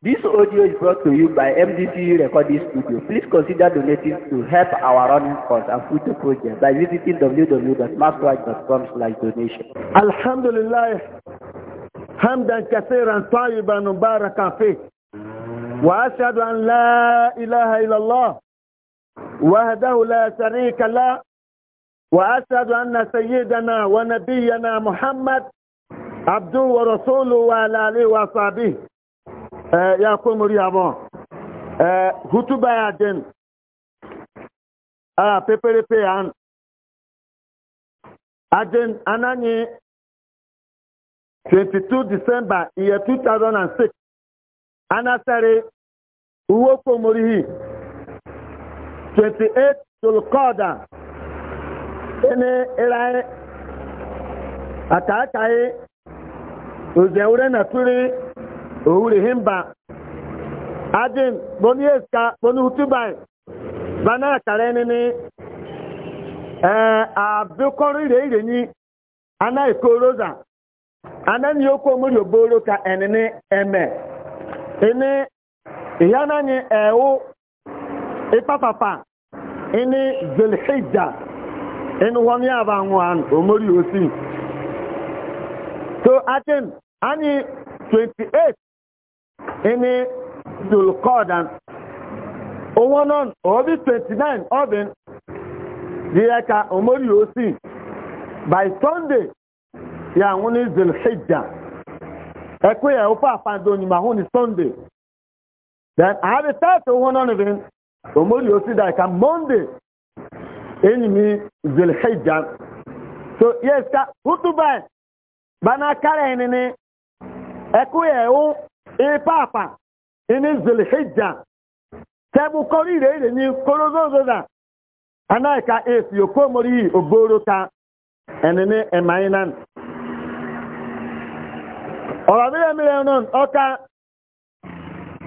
This audio is brought to you by MDCU Recording Studio. Please consider donating to help our running costs and future projects by visiting www.maskwatch.com slash donation. Alhamdulillah, hamdan kathiran tayyiban mubarakan fi. Wa ashadu an la ilaha illallah. Wahdahu la sharika la. Wa ashadu anna sayyidana wa nabiyyana Muhammad. Abduhu wa rasuluhu wa ala alihi wa sahbihi. ya kwe abụọ abụọ hutuba ya jen a peperepe ya ajen ananyị 22 december iye 2006 anasari uwe kwe mori 28 tulkoda ene iraye akakai ozeure e, na turi owuri himba ajin bonu yeska bonu hutubai bana kare nini eh abukori re ire ni ana ekoroza ana ni oko omuri ka enini eme ini iyana ni ewu ipapapa ini zulhijja inu wọn ni abanwan omori osi so ajin anyị 28 ini dulkodan owonon obi 29 obin diya ka omori osi by sunday ya nwuni zulhijja ekwe ya ofe afando ni ma huni sunday then i have abi tati owonon bin omori osi da ka monday enyi mi zulhijja so yes ka hutu bai bana kare ni ekwe ya Ipapa n'izu ihe ija kemgbe okoro ire ire nye korodo ndo na. e esi okpu omori yi oboro ka enene emeghe naanị. O baa miri emiri onọ n'ọka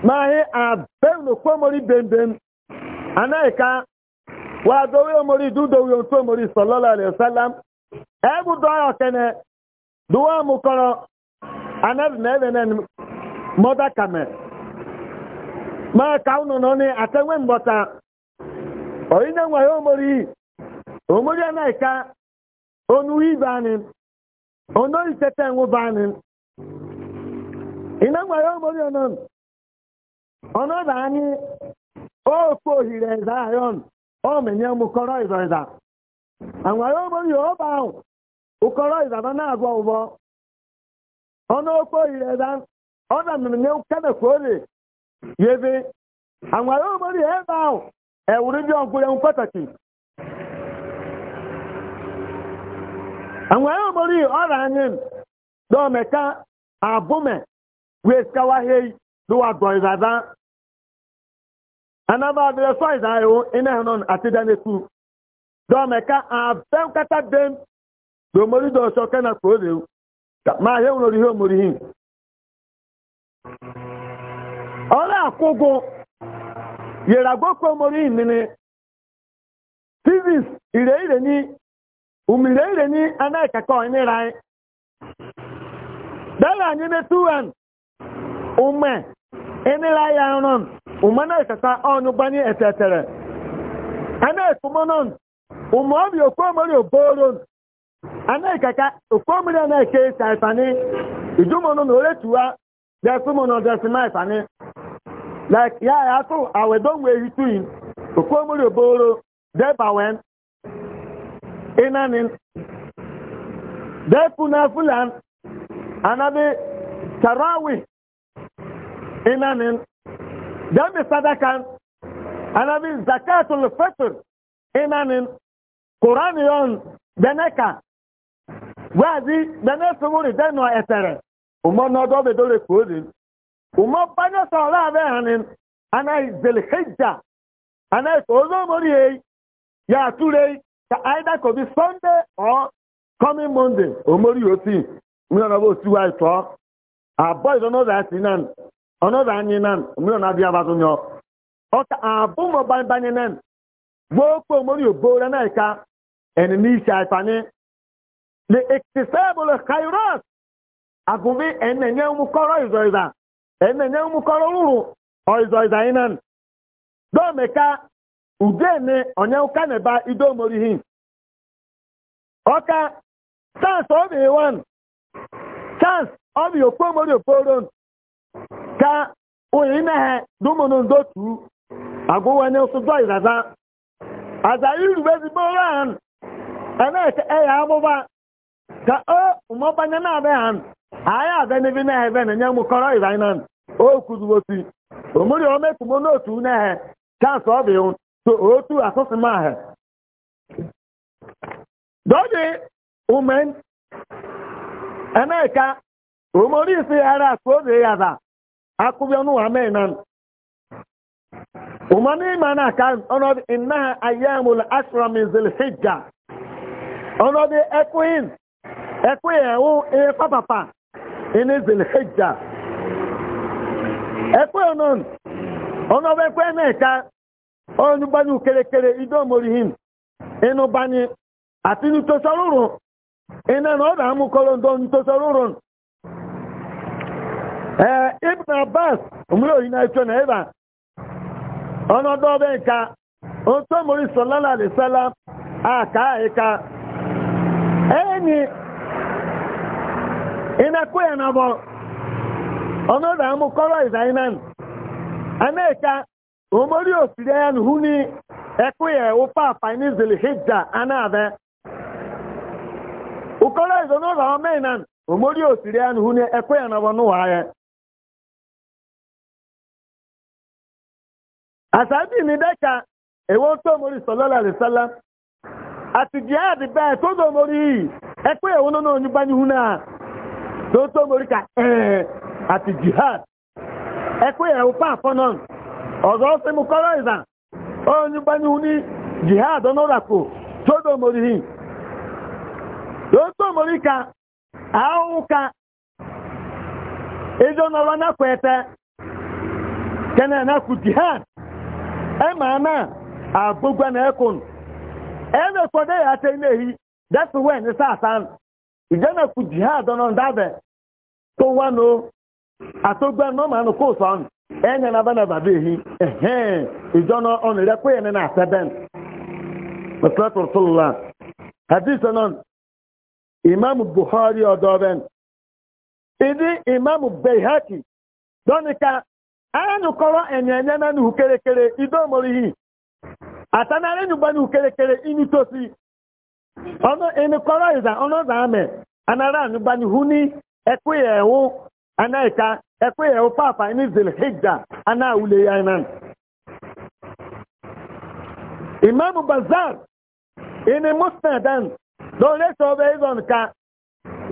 na ahịa ebe na okpu omori dende m. Anaghịkwa wadoghị omori dudoghị otu omori sọlọ larịị salam ebudo ya kene duwwa amụkọrọ anazụnaga na-enum. mother camel ma ka unu nọ ni atenwe mbọta oyine nwa ya omori omori anaghịka onu ibe anyị ono itete nwụba anyị ine nwa ya omori ọnọ ọnọdụ anyị ofe ohiri eze ayọn ọ menye m kọrọ ịzọ ịza anwa ya omori ọba ahụ ụkọrọ ịza na-agwọ ụgbọ ọnụ ofe ohiri eze ọ na mmemme kana ka ore yebe anwara omori ebe ahụ ewuru ndị ọgwụrụ ya pàtàkì anwara omori ọra anyị dọmeka abụme wee skawahe lụwa dọịzada anaba adịrị sọịza ahụ ịnahụnọ atịda n'ekwu dọmeka abem kata bem domori dọsọ kana ka ore ma ahịa nwere ihe omori ọrụ akwụgwụ yere agbakwa mori mmiri, physics ire ire ni umire ire ni anaghịkaka onyere anyị dara anyị na-etuwan ume enira ya nrọn ume anaghịkaka ọnyụ gbanye etetere anaghịkụmọnọn ume obi okomori oboron anaghịkaka okomori anaghịka esi aịfani ijumọnụ na oretuwa There's someone on the night and like yeah, I thought I was done with you in the Komori Boro, Deba went in and in. Depuna Fulan, another Tarawi in and in. Then the Sadakan, another Zakatul Fetr in and in. Quran on Beneka. Where is he? The next one then no SRS umma na dobe dole kodi umma bana sala be hanin ana zil hijja ana tozo mori ya ture ta either could be sunday or coming monday omori oti mi na bo ti wa ito a boy don't know that nan nan mi na bia ba tunyo o ta abu mo ban ban nan gbogbo omori obo ra na ka ẹni ní ìṣe kairos agụmi enenye ụmụkọrọ ịzọịza enenye ụmụkọrọ rụrụ ọịzọịza ịnan dọmeka ugene onye ụka neba idomorihi ọka chans obi wan chans obi okpomori okporon ka onye imehe dumunu ndotu agụwanye ụsụzọ ịzaza aza irube ezigbo ran eme ka eya amụba ka o mọbanye na abịa ha anyị abịa n'ebe na ebe na-enye m kọrọ ịba anyị o kwuzuwosi ome ometumo n'otu na ehe chance ọ bụ so otu asụsụ m ahụ doge umen emeka omori isi ghara akụ oge ya za akụbịa n'ụwa mee na umani ma na aka ọnọdụ innaha ayyamul ashra min ọnọdụ ekwihin Ekwe yẹn ó ẹ̀yẹ pápápá ẹni zelhejja ẹ̀kọ́ yẹn náà ọ̀nà ọba ẹ̀kọ́ yẹn náà ká ọ̀nà bá ní kéré-kéré idó morihin inú bá ní àti ní tó sọ́rùrùn iná náà ọ̀dà àmú kọ́lọ́ndọ́ ní tó sọ́rùrùn ẹ̀ ibn abbas òmùlò yìí náà tó náà ọ̀nà ọdọ́ ọba ẹ̀ka ohun tó mori sọ̀lá àlẹ́sálá àkàá ẹ̀ka ịna-ekwu ya na bụ ọnọdụ amụkọrọ izainan a na-eka omori osiri ya nuhu ni ekwu ya ụpa apainizili hijja a na-abịa ụkọrọ izo n'ụlọ omeinan omori osiri ya nuhu ni ekwu ya na bụ n'ụwa ya asabi ni deka ewo tó omori sọlọlọ alisala àti omori yìí ekwu ya na náà onye tó tó mórí ka ẹ̀ẹ́ àti jihad ẹkú ẹ̀wù pàfọ́ náà ọ̀zọ́ sí mú kọ́rọ̀ ìzà oyin gbanyú ní jihad ọ̀nọ́ràkò tó tó mórí hìn tó tó mórí ka àáwùka ìjọ nọrọ nákọ̀ ẹ̀tẹ́ kẹ́nẹ̀ nákù jihad ẹ̀ máa náà na ẹkùn ẹ̀ lè fọdẹ́ yà á tẹ́ ilé yìí that's when ìjẹ́nà kù jihad ọ̀nà dábẹ̀ tó wá no àtọ́gbẹ́ nọ́mà nù kó sọ̀n ẹ̀yẹ nàbẹ́ nà bàbá èyí ẹ̀hẹ́n ìjọ́nà ọ̀nà rẹ̀ péye nínú àtẹ́bẹ́n mùsùlùmí sọ̀lá nọ náà imam buhari ọ̀dọ́bẹ́n ìdí dọ́nìkà kérékéré kérékéré inú tó sí ọ̀nà ìzà ọ̀nà anara anụ bani huni ekwe ya anaika ekwe papa ni zilhijja ana awule ya nan imam bazar ini musnadan dole so be izon ka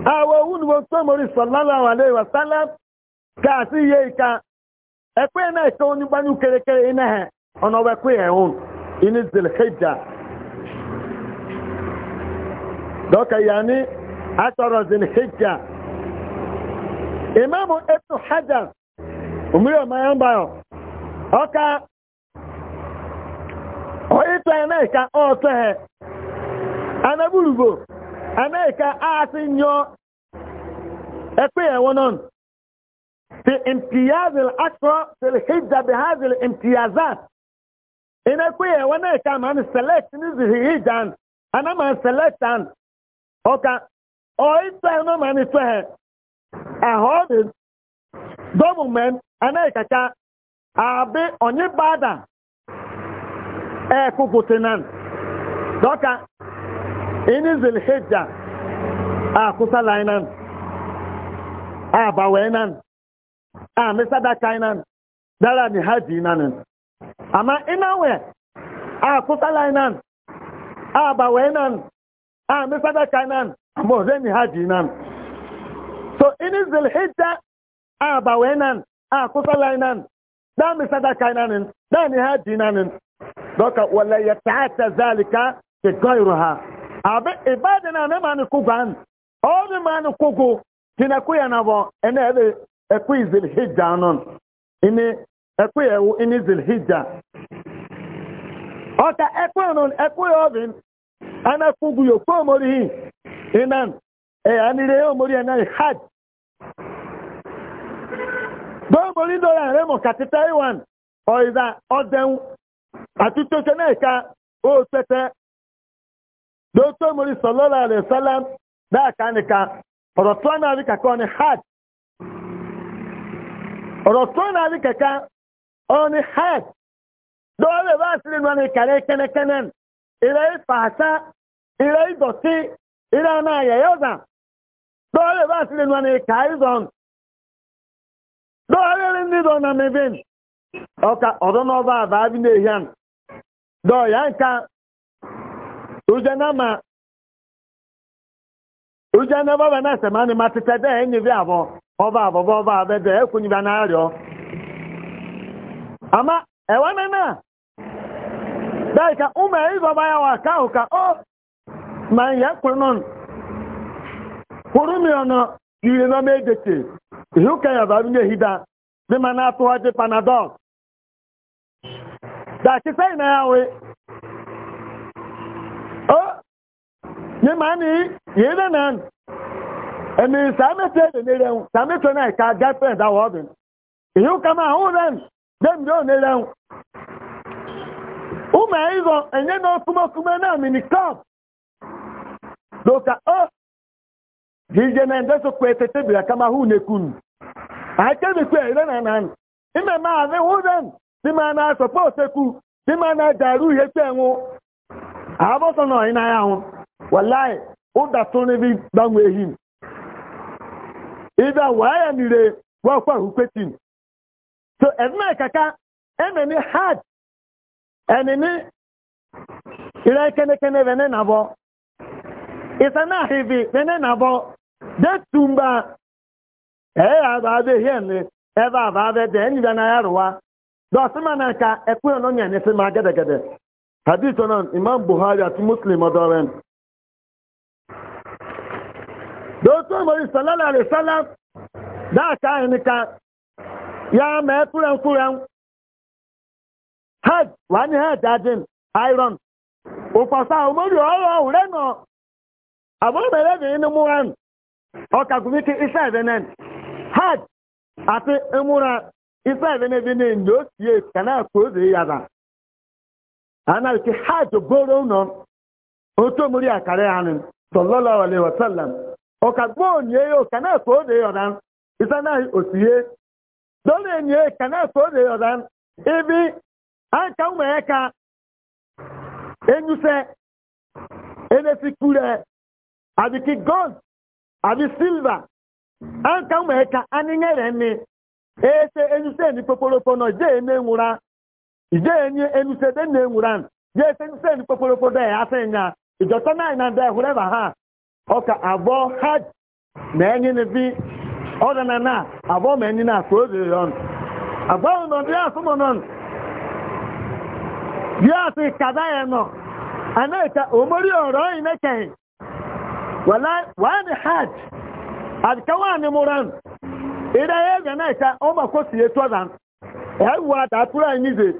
awo wun wo so mori sallallahu alaihi wasallam ka si ye ka ekwe na ka oni bani kerekere ina he ono be kwe ya ewu ini zilhijja doka yani ashọrọ zilhijja imam ibn hajar mmiri ọmanya mgbayọ ọka ịtọ anaghịka ọtọhe anaburugo anaghịka asị nyọ ekpeyewo nọn في امتياز الأسرى في الحجة بهذه الامتيازات إن كوي وانا كام عن سلكت نزه هيجان أنا ما سلكت عن or if there no money for her, a whole government and a kaka are be on your bada a kukutinan doka in his hija a kusalainan dara na haji nanin amma ina we a kusalainan a bawenan amma zan yi haji nan so ini zulhijja a bawai nan a kusurlai nan da mi sadaka nan da ni haji nan doka wala ya ta'ata zalika ke gairu ha abin ibada na nema ni kugan o ni ma ni kugu tina kuya na bo ene ebe ekwi zulhijja non ini ekwi ewu ini zulhijja ọka ekwe non ekwe ovin ana kugu yo ko morihi inan ẹ̀yà nílé yóò mórí ẹ̀nà ìhajj bọ́ọ̀ mórí dọ́rọ̀ ẹ̀rẹ́ mọ̀ kàtí taiwan ọ̀ìdà ọ̀dẹ̀un àti tóṣe náà ká ó tẹ́tẹ́ lóòótọ́ mórí sọ̀lọ́lá rẹ̀ sálá dáàkà nìka ọ̀rọ̀ tó náà rí kàkọ́ ni hajj ọ̀rọ̀ tó náà rí kàkà ọ̀ ni hajj dọ́ọ̀rẹ̀ bá sílẹ̀ wọn ni ira na ya yoza dole ba su rinwa ne kaizon dole rin ni don na mebin ọka ọdọ na ọba aba bi na ehian dọ ya nka uje na ma uje na baba na sema ni tete de enyi bi abo ọba abọba ọba abe de ekunyi ba na arịọ ama ewe na na daika ume ịzọba ya wa ka ahụ ka o ma ya kwuru nọ mi ọnọ ire na-edete ihe ụka ya nye hida dị ma na-atụghachi panadol dakịta na ya wee o ma ni ya ire na emi samete ede na e irenwu samete na ka girlfriend awa ọdụ ihe ụka ma ahụ ren ọ na ere ụmụ doka o oh, jije na ndeso kwete tebira kama hu ne kunu akebe kwe ire na nan ime ma ave wuzen ti ma na suppose ku ti ma na daru ihe pe enwu abo so no ina ya hu wallahi uda tun ni bi danwe hin ida waya ni re wa kwa so ezna kaka ene ni hard ene ni ire kene kene vene na bo isa na hivi nene na bo de tumba eh aba be hen ebe aba be de ni da na ya yarwa do sima na ka ekwe no nya ne ma gede gede hadith onon imam buhari at muslim odoren do to mo sallallahu alaihi wasallam da ka ni ka ya me kuran kuran hajj wani hajj ajin iron o pasa o mo yo ọrọ rẹ náà abọ́bẹ̀rẹ̀ bí inú múra ọkàkùnmíkí iṣẹ́ ìbẹ̀nẹ̀ hajj àti múra iṣẹ́ ìbẹ̀nẹ̀ bí ní ìlú òsìyè kanáà kò zè yàrá anáàkì hajj gbóró nọ otó múrí àkàrẹ́ àánú sọlọ́lọ́ ọ̀lẹ́ wọ̀sọ́làm ọkàgbọ́n ní eyó kanáà kò zè yọ̀rá iṣẹ́ náà òsìyè dọ́lẹ̀ ní ka na-akụ zè yọ̀rá ibi ụmụ e e abiki gold abi silver an ka mgbe ka anyị nyere ese enuse ni poporopo no je ne nwura ije nye enuse de ne nwura je ese enuse ni poporopo de ya se nya ijo to nine na de whoever ha ọka abo haj na enyi ne bi oda na na abo me ni na so de yon abo no de aso mo non ya se kada ya no ana ka omori oro na-ekeghị. wani hajj alkawa ni muran idan ya gana ita o ma ko siye tozan ẹwà dàtúrà níze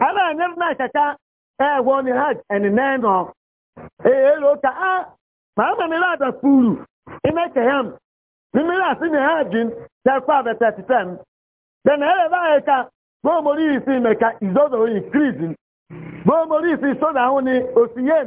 ana anyar na kaka ẹwọ e ni hajj ẹni nẹ́nà èyí e, e ló ta á màámà mi láàdà fúrù iná kẹyàm ní mi láti ní hajj tẹkọ abẹtẹ títẹ m na ẹrẹ báyìí ka bó mo rí ìsìn mẹka ìzọzọ increase bó mo rí ìsìn sọdà ahun ni òsìyẹn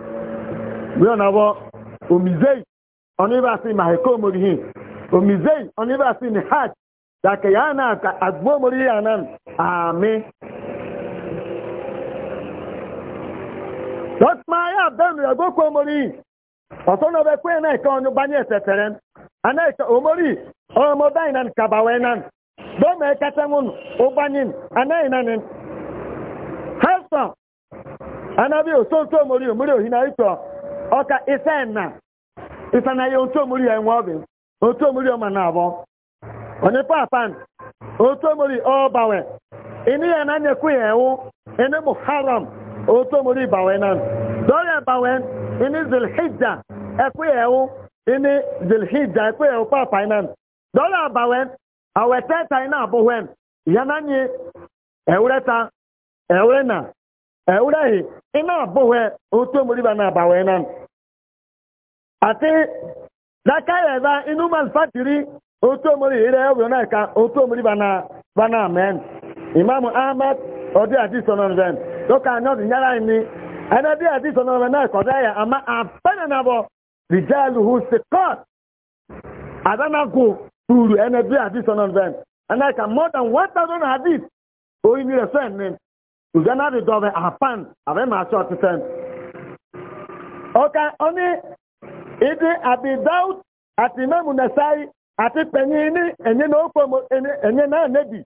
wíwọ́n náà wọ́ omizei oníbàásí maheko morihin omizei oníbàásí ni hajj dàkẹ́ yàrá náà àgbó morihin àná àmì. lọ́tí máa yá bẹ́ẹ̀nù ẹ̀gbọ́ omori ọ̀sán ọbẹ̀ pé náà ìkan ọ̀nù bá ní aná omori ọmọ báyìí náà kàbàwẹ̀ náà bọ́ọ̀mù ẹ̀ka tẹ́wọ̀n ọba aná hẹ́sàn anábì òṣòṣò ọka ife na ife na ya otu omori ya enwe obi otu omori ọma na abụọ onye papan otu omori ọbawe ịnị ya na nyekwu ya ewu mụ haram otu omori bawe na dọrịa bawe ịnị zilhijja ekwu ya ewu ịnị zilhijja ekwu ya ewu papan na dọrịa bawe aweteta ina abụghị ya na nye ewureta ewurena ewurehi ina abụghị otu omori ba na abawe na àti dákàyẹ̀ bá inú mọ̀ fàtìrí otu omori ìrẹ́ ọ̀rọ̀ náà ka otu omori bá náà mẹ́n imam ahmad ọdí àti sọ̀nà rẹ̀ lókà anyọ́ ti nyára ni ẹni ọdí àti sọ̀nà rẹ̀ náà kọ̀dá yẹ àmà àpẹẹrẹ náà bọ̀ rìjẹ́lù hù sí kọ́t àdánàkù tuuru ẹni àti sọ̀nà ka more than one thousand hadith oyin rẹ̀ sẹ́n ni ìgbẹ́ náà ti dọ̀bẹ̀ àpán àbẹ́ màá ṣọ́ ọ ní ịdị àbìdáwù àti mẹ́mù nàṣáì àti pẹ̀yìn ní ẹ̀yìn na kò mọ ẹ̀yìn náà nẹ́bì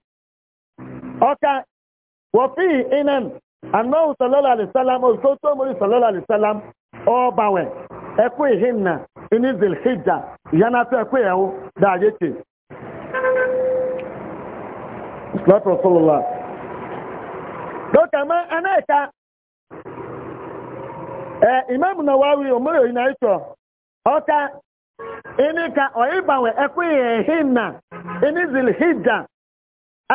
ọkà wọ̀fí inan anáwù sọlọ́lá àlìsálám òṣìṣẹ́ tó mọ̀ sọlọ́lá àlìsálám ọ̀bàwẹ̀ ẹ̀kú ìhìnnà ní zilhijja yana tó ẹ̀kú ìyàwó dáadé tè. lọ́tọ̀ sọlọ́lá dókà mọ́ anáìka ẹ̀ ìmẹ́mù náà omori òmúrò na náà ọka ini ka ọyịgbanwe ekweghị ehi na ini zili hija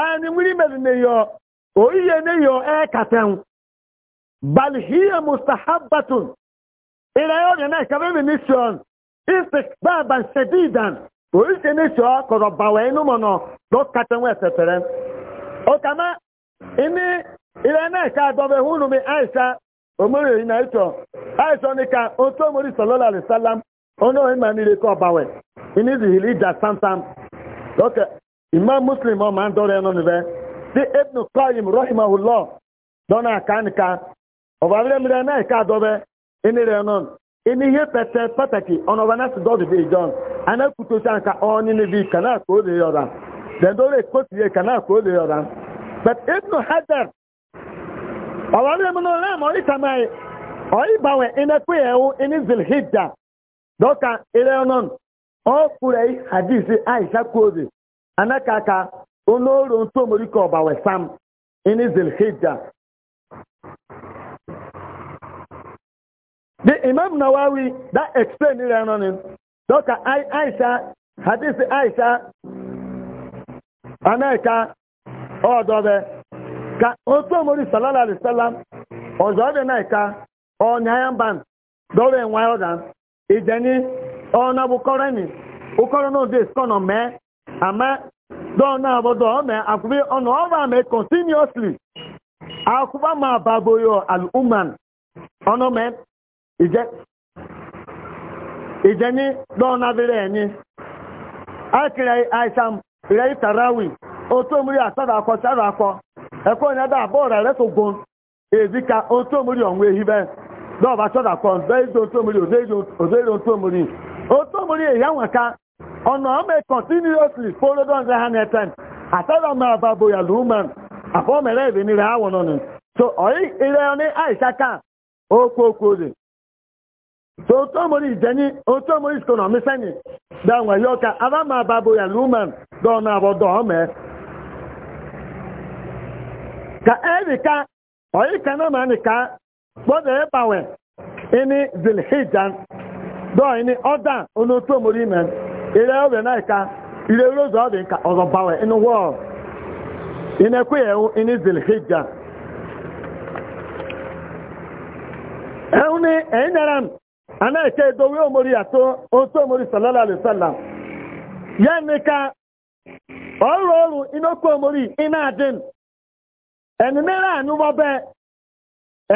anyị nwere imezine yo oyiye ne yo ekaten bal hiya mustahabbatun ila yo na ka be mission istikbaban shadidan oyiye ne yo ko do bawe no mo no do katen we tepere o kama ini ila na ka do be hunu mi aisha omori na ito aisha ni ka o to mori sallallahu alaihi wasallam onye ohi ma nile ka ọbawe ini zihiri ija samsam lọka imam muslim ọma ndọrọ ẹnu nibẹ ti ibn qayyim rahimahullah dọna akanika ọbamiremire náà ika adọbẹ adọbe ịnịrị nọ ini ihe pẹtẹ pàtàkì ọ̀nà ọba náà sì dọ́ọ̀dù bíi john anákùtò sí àǹkà ọ́ọ́ni níbi kanáà kò lè yọ̀ra dẹ̀ndọ́rẹ̀ kóòtù na kanáà kò lè yọ̀ra but ibn hajar ọbamiremire náà mọ̀ ọ́ ìtàmáyé dọka ire ọnọn ọ kwuru hadisi aisha kwozi anakaka onoro ntomorika sam wesam ini zilhijja the imam nawawi that explain ire ọnọn dọka aisha hadisi aisha anaka ọdọbe ka otomori salala alisalam ọzọ dị na ịka ọnyaya mba dọrọ enwe ọdan ìjẹni ọ̀nà bukọ́rẹ́ ni náà dé sọ́nà mẹ́ àmẹ́ dọ́ọ̀nà àbọ̀dọ̀ ọ̀mẹ́ àkùbí ọ̀nà ọ̀rọ̀ àmẹ́ continuously àkùbá máa bàbòyọ̀ uman ọ̀nà mẹ́ ìjẹni dọ́ọ̀nà abẹ́rẹ́ ẹ̀ni akìrẹ́ àìsàn rẹ̀ ìtàráwì otu omiri àtàrà akọ sára akọ ẹ̀kọ́ ìyẹ́dà àbọ̀ rẹ̀ rẹ̀ tó gun otu dọ́ọ̀bá sọ́dà kan ọ̀dọ́ ọzọ òzèrè tómori ó tómori èyí àwọn ká ọ̀nà ọmọ continuously follow don the hand at time àtọ́dọ̀ ọmọ àbábo yàlú man àfọ́mẹ̀rẹ́ ìbí nị rẹ̀ àwọn ọ̀nà so ọ̀yí ilẹ̀ ọ̀ní àìsá ká ókú ókú òdè so ó tómori ìjẹni ó tómori ìsìkọ̀nà mi sẹ́yìn dáwọn ẹ̀yọ́ ká abámọ̀ àbábo yàlú man dọ́ọ̀nà àbọ̀dọ̀ ọmọ ẹ̀ ka erika ọyị ọ̀yí kanáà mà gbọ́dọ̀ ẹ bàwẹ̀ ẹni zilhijan dọ́ọ̀ ẹni ọ́dà onótó mórí mẹ́ ilẹ̀ ọ̀bẹ̀ náà ilẹ̀ olóòzò ọ̀dẹ̀ ká ọ̀rọ̀ bàwẹ̀ ẹni wọ́ọ̀ ẹni ẹ̀hún ẹni zilhijan ẹ̀hún ni ẹ̀yìn nẹ́ra anáìkẹ́ ìdówí òmórí àtó onótó mórí sàlálà lè sàlà yẹn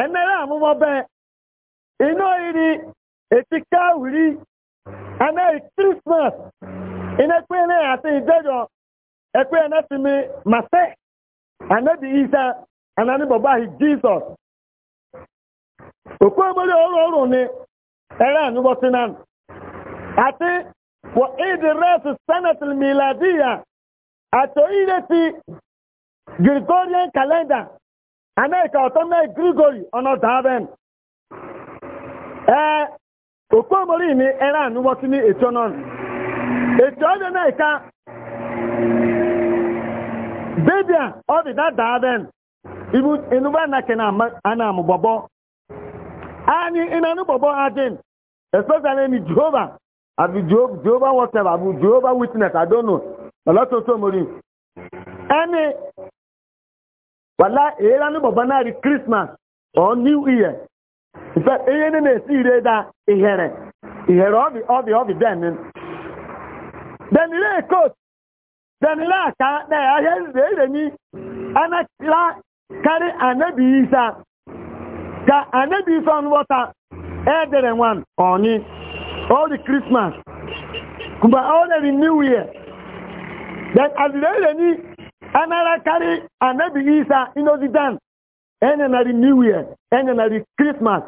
emere amụmọbe ịnọ iri etika wiri anaghị krismas inekwe na ata ijejo ekwe na timi mase anabi isa anani baba hi jesus okwu omori ọrụ ọrụ ni ere anyụgbọsi na ati wa idris senate miladiya ato ireti gregorian kalenda. America ọtọmọ Grigori ọnọdụ Darben. Ee, Okomori ni Iran wọ́tí ní ètò náà. Ètò ọdún náà ká Bibia ọdịda Darben. Ibu inuba nakị na anam bọbọ. Anyị ịnanụ bọbọ adịn. Especially ni Jehova. Abụ Jehova whatever, abụ Jehova witness, Adonu don't know. Ọlọ́tọ̀ọ̀tọ̀ mori. wala eyera ni baba krismas ọ christmas or new year ife eye ne na-esi iri ịda ihere ihere ọbi ọbi ọbi den den ire coat den ire aka na ya ahịa ire ire ni anakila kari anabi isa ka anabi isa ọnụwọta edere nwan ọnyị all krismas christmas kuma all the new year then azire ire anaghịkarị anabi isa inozidan enyenarị new year enyenarị krismas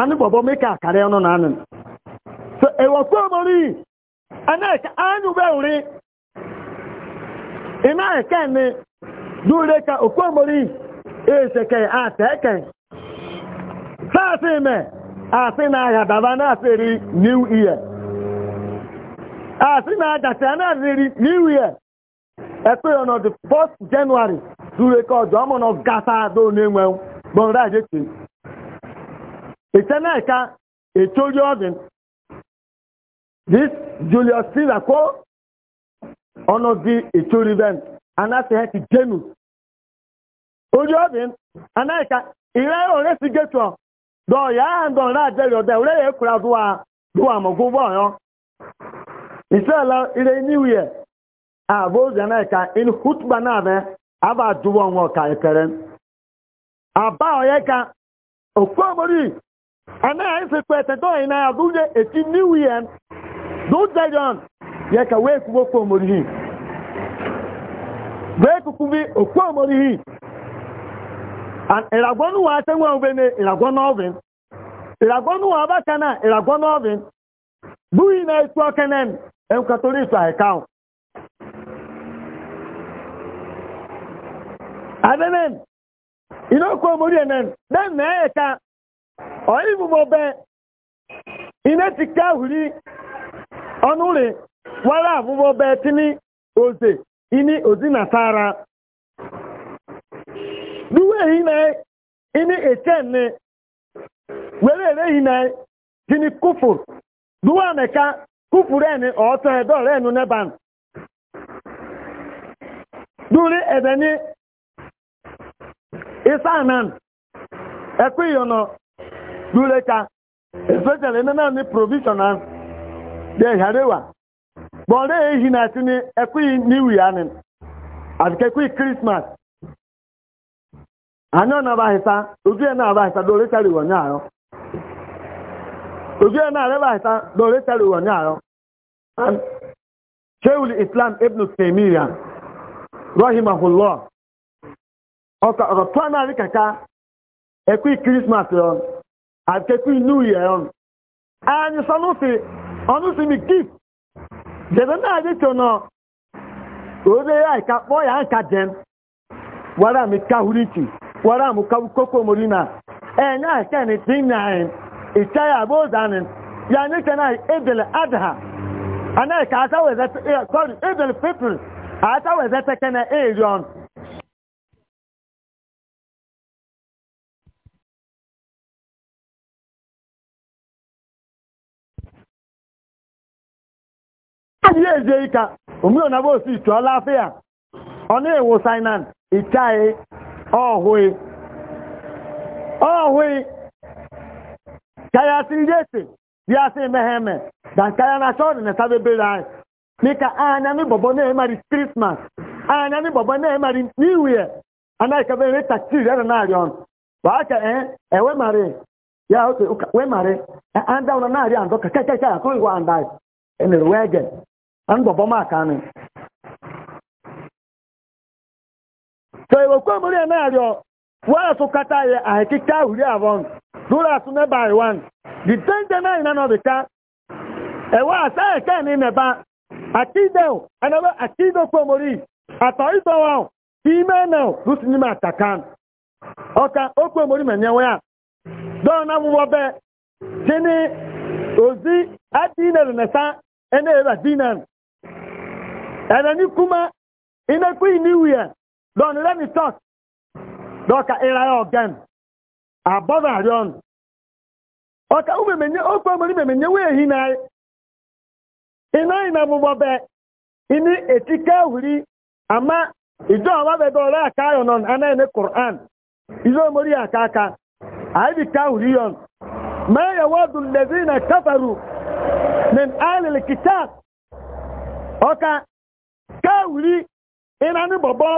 anyị bọbọ meka karịa ọnụ na anụ so ewekwa omori anaka anyụbe uri ị na-eke ni dure ka okomori eseke ateke saasị ime asị na agha daba na asịrị new year asị ah, na àjàṣẹ́ náà rèrí new year ẹ̀pẹ́ ọ̀nà the first january dúre kọ́ ọ̀dọ̀ ọmọ náà gàtà àdó oníwẹ̀n gbọ́nrẹ́ àjẹ́kẹ́ ìtẹ́ julius caesar kó ọ̀nà di ètò orí bẹ́ẹ̀ anáṣẹ́ ẹ̀ ti jẹ́nu orí ire anáìka ìrẹ́ òrẹ́ sí gẹ́tọ̀ dọ̀ọ̀yà àndọ̀nrẹ́ ya ọ̀dẹ̀ òrẹ́ yẹ kúra dúwà dúwà mọ̀gún misala ire new year a bo jana in na aba duwo won ka ikere aba oye ka okwo ana ife kwete ina eti new year do ka wee ku okwo mori hi we ku okwo mori hi an iragbonu wa abaka na iragbonu oven bụghị na etu okenen ẹnkà tó rí ìfà ọ̀. Adẹ́nẹ́n, iná na mórí ẹ̀nẹ́n, dẹ́nà ẹ̀ẹ̀ka, ọ̀yí gbogbo bẹ, iná ti ká hùrí ọnú rẹ̀, wárá àbúgbò bẹ ti ní òzè, iní òzì nà sára. Dúwé yìí náà, iní ètẹ́ ní, wẹ́rẹ́ rẹ̀ yìí náà, kúfùrú ẹni ọ̀ọ́tán ẹ̀dọ́ rẹ̀ ẹnu nẹ́bàn dúrí ẹ̀dẹ̀ ní isanan ẹ̀kú ìyọ̀nà dúrẹ́ka especially nínú ní provisional dé ìhàrẹ́wà bọ̀ọ̀rẹ́ èyí náà ti ní ẹ̀kú new year ni àtìkẹ́kú christmas àní ọ̀nà àbáhìsá ojú ojú ẹ̀ náà rẹ́bà ìta lórí tẹ́lẹ̀ wọ̀ ní àárọ̀ ṣéwùlì islam ibn taymiya rahimahullah ọkọ̀ ọ̀rọ̀ tó náà rí kàkà ẹ̀kú christmas new year ọ̀n sọ́nùsì ọ̀nùsì mi kí jẹ̀dẹ̀ náà rí tó náà orí ẹ̀ ìka ń ka jẹun wàrà mi káhùrìtì wàrà mi káhùkókò mọ́rínà ẹ̀yìn náà kẹ́ni dín náà ìtẹ́yà àbóòzánì ya ní kẹ́ náà ìdìlẹ̀ adìhà anáìkà ìdìlẹ̀ pípìl àtàwẹ̀zẹ́ tẹ́kẹ́ na èèrí eh, ọ̀nà Ndị eze ịka, omume na bụ osi ịtụ ọla afọ ya, ọ na-ewu Sinan, ịchaghị, ọ kaya siriyete ya se meheme dan kaya na shori ah, na sabe bera nika anya mi ah, na emari anya na emari ka ya na arion ba ka ewe eh, eh, mare ya ote we mare eh, anda na arion ka ka a ko igwa anda ene wee an bobo ma ka so ewe ko mo re na arion wa so kata ye ahekika rura su neba iwan di tenje na ina no bika ewa asa eke ni neba akido anaba akido komori ato ido wa ime na rusi ni ma takan oka okomori menye wa do na wo be tini ozi adina na nesa ene ebe dinan ana ni kuma ina ku ni wiya don let me talk doka ira again abọghị arịa ọnụ ọka umemenye ofe omeri memenye wee hi na ịnaghị na mụbọbe ini etike wuri ama ijo awabedo ọrịa aka ayọ nọ anaghị na koran izo omori aka aka anyị dị ka wuri yọn ma ya wadu lezi na kafaru min alil kitab ọka ka wuri ịnanị bọbọ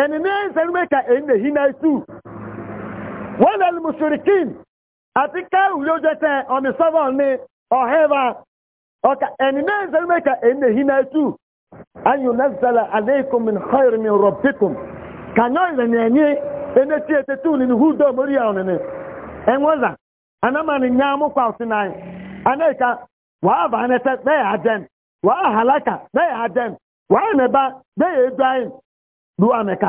ẹni ní ẹsẹ̀ ka mẹ́ka èyí lè na isu wọ́lẹ̀ mùsùlùkín àti káàrùn yóò jẹ́ tẹ́ ọmọ sọ́wọ́n ní ọ̀hẹ́bà ọkà ẹni náà ń sẹ́rẹ́ ẹni èyí náà tù ayò nẹ́sẹ̀lá aleikum min khayr min rabbikum kànyọ́ ìrẹ̀nì ẹ̀ní ẹni tí ètè tù nínú húdọ̀ mórí àwọn ẹni ẹ̀wọ́n là anamá ni nyá mú pàṣẹ náà anáìka wàá bà ẹni tẹ́ bẹ́ẹ̀ àdẹ́n wàá hàlákà bẹ́ẹ̀ àdẹ́n wàá nẹ̀bá bẹ́ẹ̀ èdú ayé lu àmẹ̀kà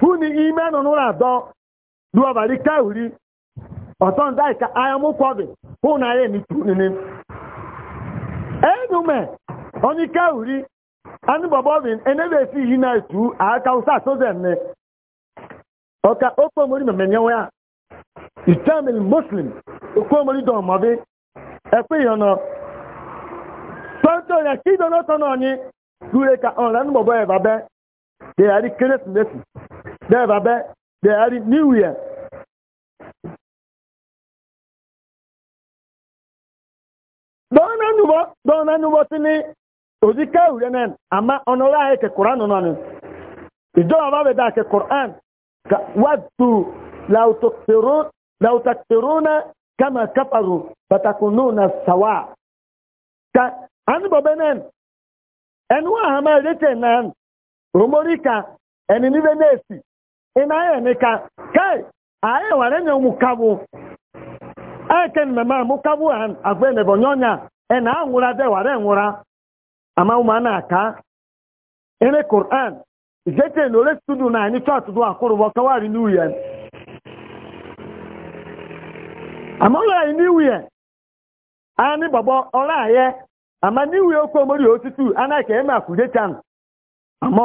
hụ na ime nọ n'ụlọ atọ du abalị kawuri ọtọ ndaị ka ayamụkwọbi hụ na ya emitu nini enume onye kawuri ani bọbọbin enebe esi yi na etu aka ụsa atọzọ ene ọka ofe omori mmemenyewe a islamil muslim ofe omori dọmọbi ekwe ihe nọ tọ́jọ́ yẹn kí ìdáná tọ́nà ọ̀nyin lúre ka ọ̀rẹ́ ní bọ̀bọ̀ ẹ̀ bàbẹ́ kí ẹ̀rí dẹ́ẹ̀ bàbẹ́ dẹ́ẹ̀ àrí new year dọ́ọ̀nà nùbọ̀ dọ́ọ̀nà nùbọ̀ tí ní òjì káwùrẹ́ náà àmá ọ̀nà ọ̀rọ̀ àyẹ̀kẹ̀ kùránù náà ni ìjọba bá bẹ̀ dá àkẹ́ kùránù waddu law tukfirun law takfiruna kama kafaru fatakununa sawa ka an bobenen en wa ha ma rete nan omorika en ni venesi inaemeka kai anyị nwere nye mụkabụ eke mmemme amụkabụ ha agwenebe onyonya ena anwụra de wara a. ama ụmụana aka ene koran izete na ole studu na anyị chọọchị dụ akwụrụbọ kawari n'uye ama ụlọ anyị n'iwuye anyị gbagbo ọrụ anyị ama n'iwuye okwu omori otutu anaghị ka eme akwụjecha ama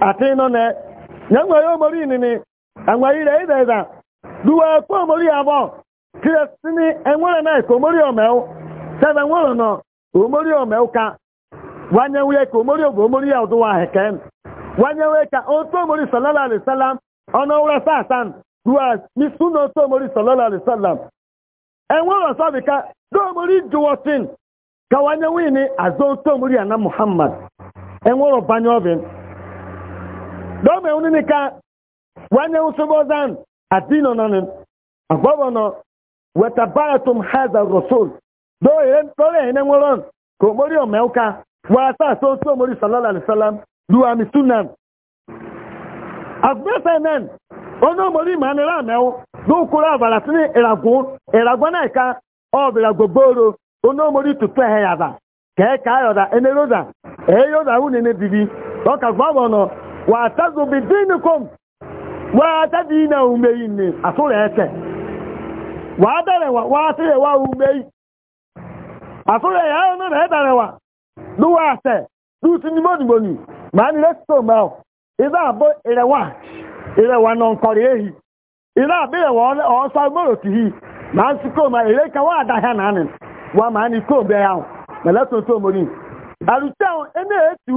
àti iná nẹ yẹn wọ yóò mọrí ìnìní àwọn ilẹ̀ ìdẹ̀ duwa ẹ̀kọ́ mọrí àbọ̀ kí ẹ sí ní náà kò mọrí ọ̀mẹ́wò sẹ́fẹ̀ ẹ̀wọ́rẹ̀ náà omori mọrí ka ká wányẹ̀wò ka omori mọrí omori mọrí ọ̀dúnwà ẹ̀kẹ́ wányẹ̀wò yẹ ka otu omori mọrí sọ̀lọ́lá àlùsálàm ọ̀nà wúrẹ́ sáàsán duwa otu omori e muhammad e dome unini ka wanye usubozan adino nanin agbobono wetabayatum haza rasul dole hene nworon ko mori omeuka wa sa so so mori sallallahu alaihi wasallam duwa mi sunan agbẹ́sẹ̀ náà onye mori ma nira mewu n'ukuru abala tini iragun iragun na ika ọbịra gbogboro onye mori tutu ehe yaba ka eka ayoda eneroda ehe yoda wunene bibi ọka gbọbọ nọ wàtàzù bí dínìkùn wàtàzù iná ume yìí ni àtúrẹ̀ ẹ̀tẹ̀ wàtàrẹ̀wà wàtàrẹ̀wà ume yìí àtúrẹ̀ ẹ̀yà lúwà àtẹ̀ lúti ehi ń sí kó èrè kan wà dáhà náà nì wà máa ní kó bẹ́ẹ̀ àwọn mẹ̀lẹ́tọ̀ tó mọ́nì àrùtẹ́ ẹni èyí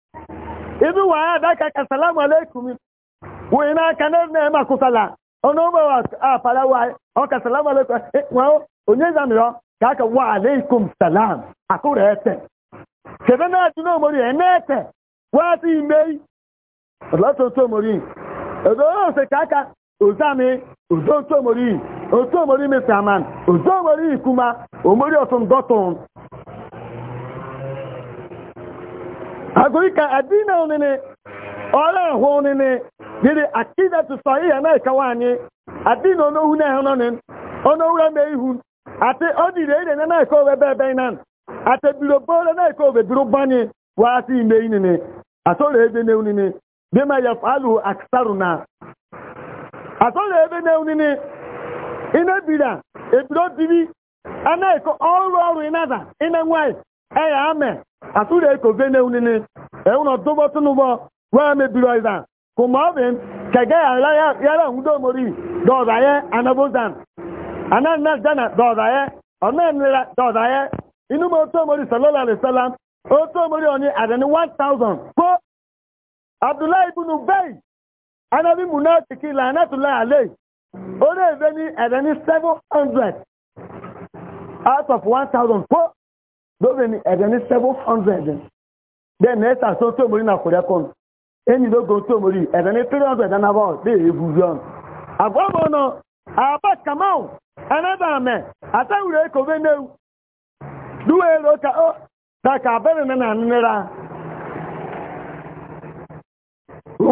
ibi wà á dáka ka salamu alaikum wòye náà ka náà náà ọnụ kó sala ọ̀nà wà fara wà ọ ka salamu e, onye zami ọ ka aka wà aleikum salam akúrò ete. kẹfẹ náà ti náà mọrí ẹ náà ime ọlọtọ tó mọrí ka aka tó mọrí mọrí mi sàmán mọrí agoika adina onene ọrụ ahụ onene dịrị akida tụsọ ihe na-ekawa anyị adina onohu na ahụ nọnị onohu eme ihu ati odiri ere na na-eke owe ebe na ati biro bore na-eke owe biro gbanye waasị ime inene atọrọ ebe na onene bima ya falu aksaru na atọrọ ebe na onene ina bira ebiro diri a na-eke ọrụ ọrụ ịnaza ịna nwaanyị ẹ̀yà amẹ̀ àtúrò èkó vene unini ẹ̀hún ọ̀dọ́bọ̀ tó nù mi bìrọ̀ ìdá kò mọ̀ ọ́bìn kẹ̀kẹ́ yàrá òǹdó mori dọ̀ọ̀dà yẹ anabozan anannas dana dọ̀ọ̀dà yẹ ọ̀nàmìlá dọ̀ọ̀dà yẹ inú mọ̀ tó mori sọlọ́lá rẹ̀ sọ́lá ó tó mori ọ̀ni one thousand kó abdullahi ibùnú anabi ní seven hundred out of one thousand kó. dóbi ni ẹ̀dẹ̀ ní seven hundred then next time tó tó mórí náà kò rẹ́kọ̀n ẹni lógo tó mórí ẹ̀dẹ̀ ní three hundred and about lè ebu zọ́n. àgbọ̀mọ̀ náà àbá kamau ẹnẹ́bà mẹ́ àtẹ̀wúrẹ́ kò fẹ́ náà lúwẹ̀ èrò ká ó dàkà abẹ́rẹ́ nínú àníníra.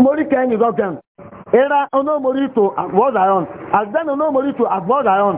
mórí kẹ́yìn gọ́gàn ìra onómórí tó àgbọ̀dà yọ̀n àgbẹ̀ni onómórí tó àgbọ̀dà yọ̀n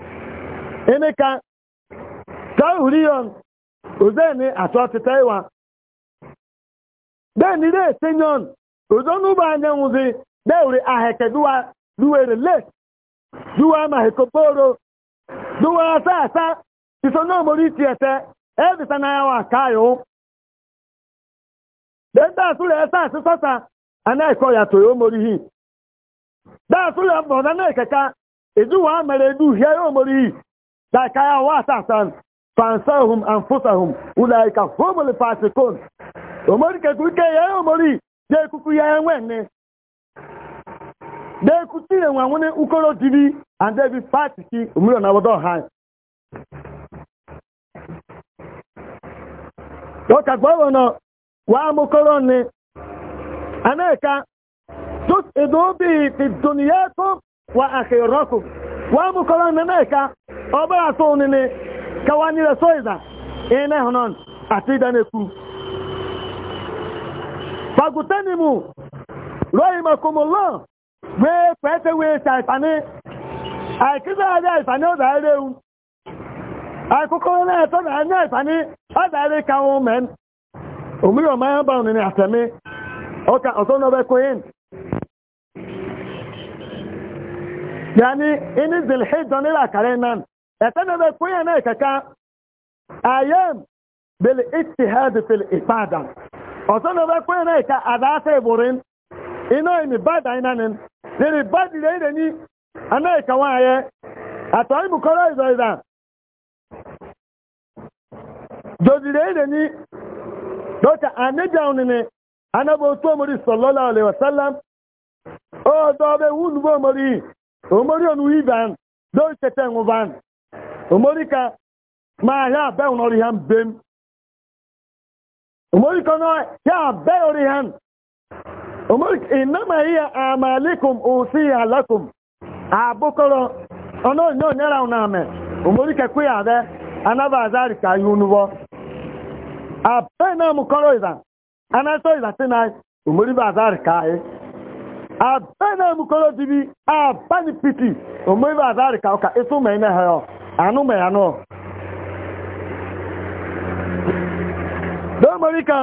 emeka ka hurion ozeni atọ tita ịwa den ire esenyon ozo n'ụba anyanwụzi dewuri aheke duwa duwere le duwa ma hekoporo duwa asa asa iso na omori iti ete ebisa na ya kayo den da asụrụ ese asị sọsa anaghịkọ ya toyo omori hi da asụrụ ọbọdọ na ekeka eduwa mere edu hie like ayawasa and france and fosir, like home only party cone, o mori kegwuregwu yeye o mori je ikuku yawenwe ne, je ikusi yawonwu n'ukoro jiri and there be party scene o mura na wadon high. o kagbara na wa amokoro nne, amerika just e don be if dunyekwu wa ake oroku wa mu kọrọ mmemme ka ọ bụrụ atọ onene ka so ịza ime hụnọn ati na-ekwu faguteni mu royi makomolo wee pete wee ta ifani aikisa ada ifani ọ ewu na ka ụmụ men omiri ọma ya ọka ọzọ yani ini zilhijja nila kare nan ẹ̀tẹ́nà bẹ fún yẹn náà kẹka ayem bẹ̀lẹ̀ ìtìhẹ́dì fìlì ìbàdà ọ̀tẹ́nà bẹ fún yẹn náà kẹka àdáṣẹ́ ìbòrin iná ìmì bàdà iná ni lèrè bàdì rẹ̀ ìdè ní anáìka wọn ayẹ àtọ̀ ìmùkọ́rọ̀ ìzọ ìzà jòdì rẹ̀ ìdè ní dọ́kà àníjà ònìní anábò tó mori sọ̀lọ́lá ọ̀lẹ́wọ̀sálá ó dọ́ bẹ wúlùbọ̀ mori yìí omori onuhi ban do tete nwu ban omori ka ma ya be unori han mbem, omori ka no ya be ori han omori inma hiya amalikum usiya lakum abụkọrọ ono no nyara una me omori ka ku ya be anaba azari ka yunuwo apena mukoro izan ịza izan tinai omori ba azari ka e abana mukoro dibi abani piti omo iba azari ka oka eso me na ha yo anu me anu do morika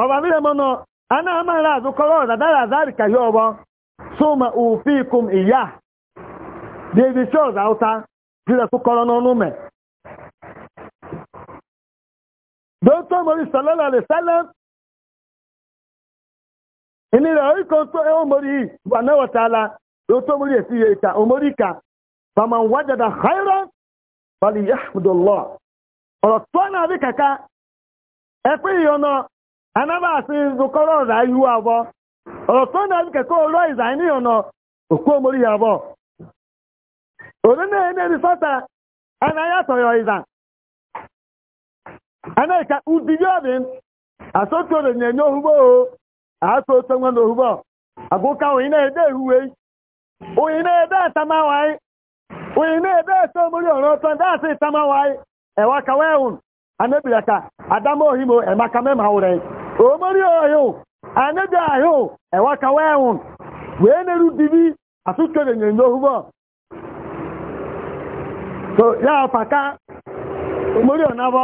oba bile mono ana ama ra zo koro da da azari ka yo bo suma ufikum iya de bi shows outa dile ku koro no nu me do to ìnira oríkọ tó ọmọrí wànáwọ̀tàlá ló tó mórí esi ya ìta omori ka bàmà wájàdà haira bàlì yàhùdọ̀lọ́ ọ̀rọ̀ tó náà rí kàkà ẹ̀pẹ́ ìyọ̀nà anábàásí zùkọ́rọ̀ ọ̀rọ̀ ayú àbọ̀ ọ̀rọ̀ tó náà rí kàkà ọ̀rọ̀ ìzà níyọ̀nà òkú ọmọrí àbọ̀ òní náà ní anaghị ka anáyàtọ̀yọ̀ ìzà anáyìká udiyọ́bìn aso ote nwe na ohubo agụka onye na-ede ehuwe onye na-ede atamawai onye na-ede etomori ọrọtọ ndị asị itamawai ewa kawehun anebiraka adama ohimo emaka mema ure omori oyo anebi ahio ewa kawehun wee neru dibi asụkere nye n'ohubo so ya ọpaka omori ọnabọ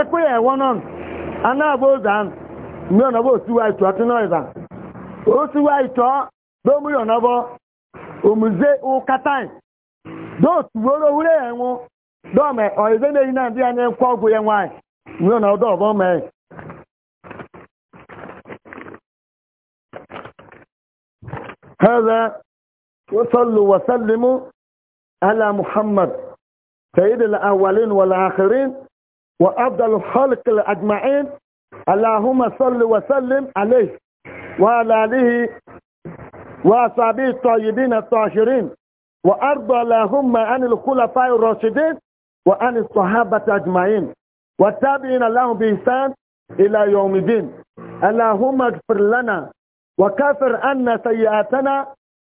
ekwe ya ewonon ana abụ ụzọ anụ mi ọ̀nà bó síwá ìtọ́ tí náà ìbá ó síwá ìtọ́ lómúrì ọ̀nà bọ́ òmùzé ụkatai dóòtùwóró wúrẹ́ ẹ̀wọ dọ́ọ̀mẹ̀ ọ̀rẹ́zẹ́ méjì náà bí ẹni kwọ́ ọgwụ yẹn wáyé mi ọ̀nà ọdọ́ ọ̀bọ́ mẹ́ هذا وصلوا وسلموا على محمد سيد الأولين والآخرين وأفضل الخلق الأجمعين اللهم صل وسلم عليه وعلى آله وأصحابه الطيبين الطاهرين وأرض اللهم عن الخلفاء الراشدين وعن الصحابة أجمعين والتابعين لهم بإحسان إلى يوم الدين اللهم اغفر لنا وكفر عنا سيئاتنا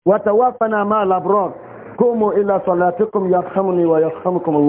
وتوفنا مع الأبرار قوموا إلى صلاتكم يرحمني ويرحمكم الله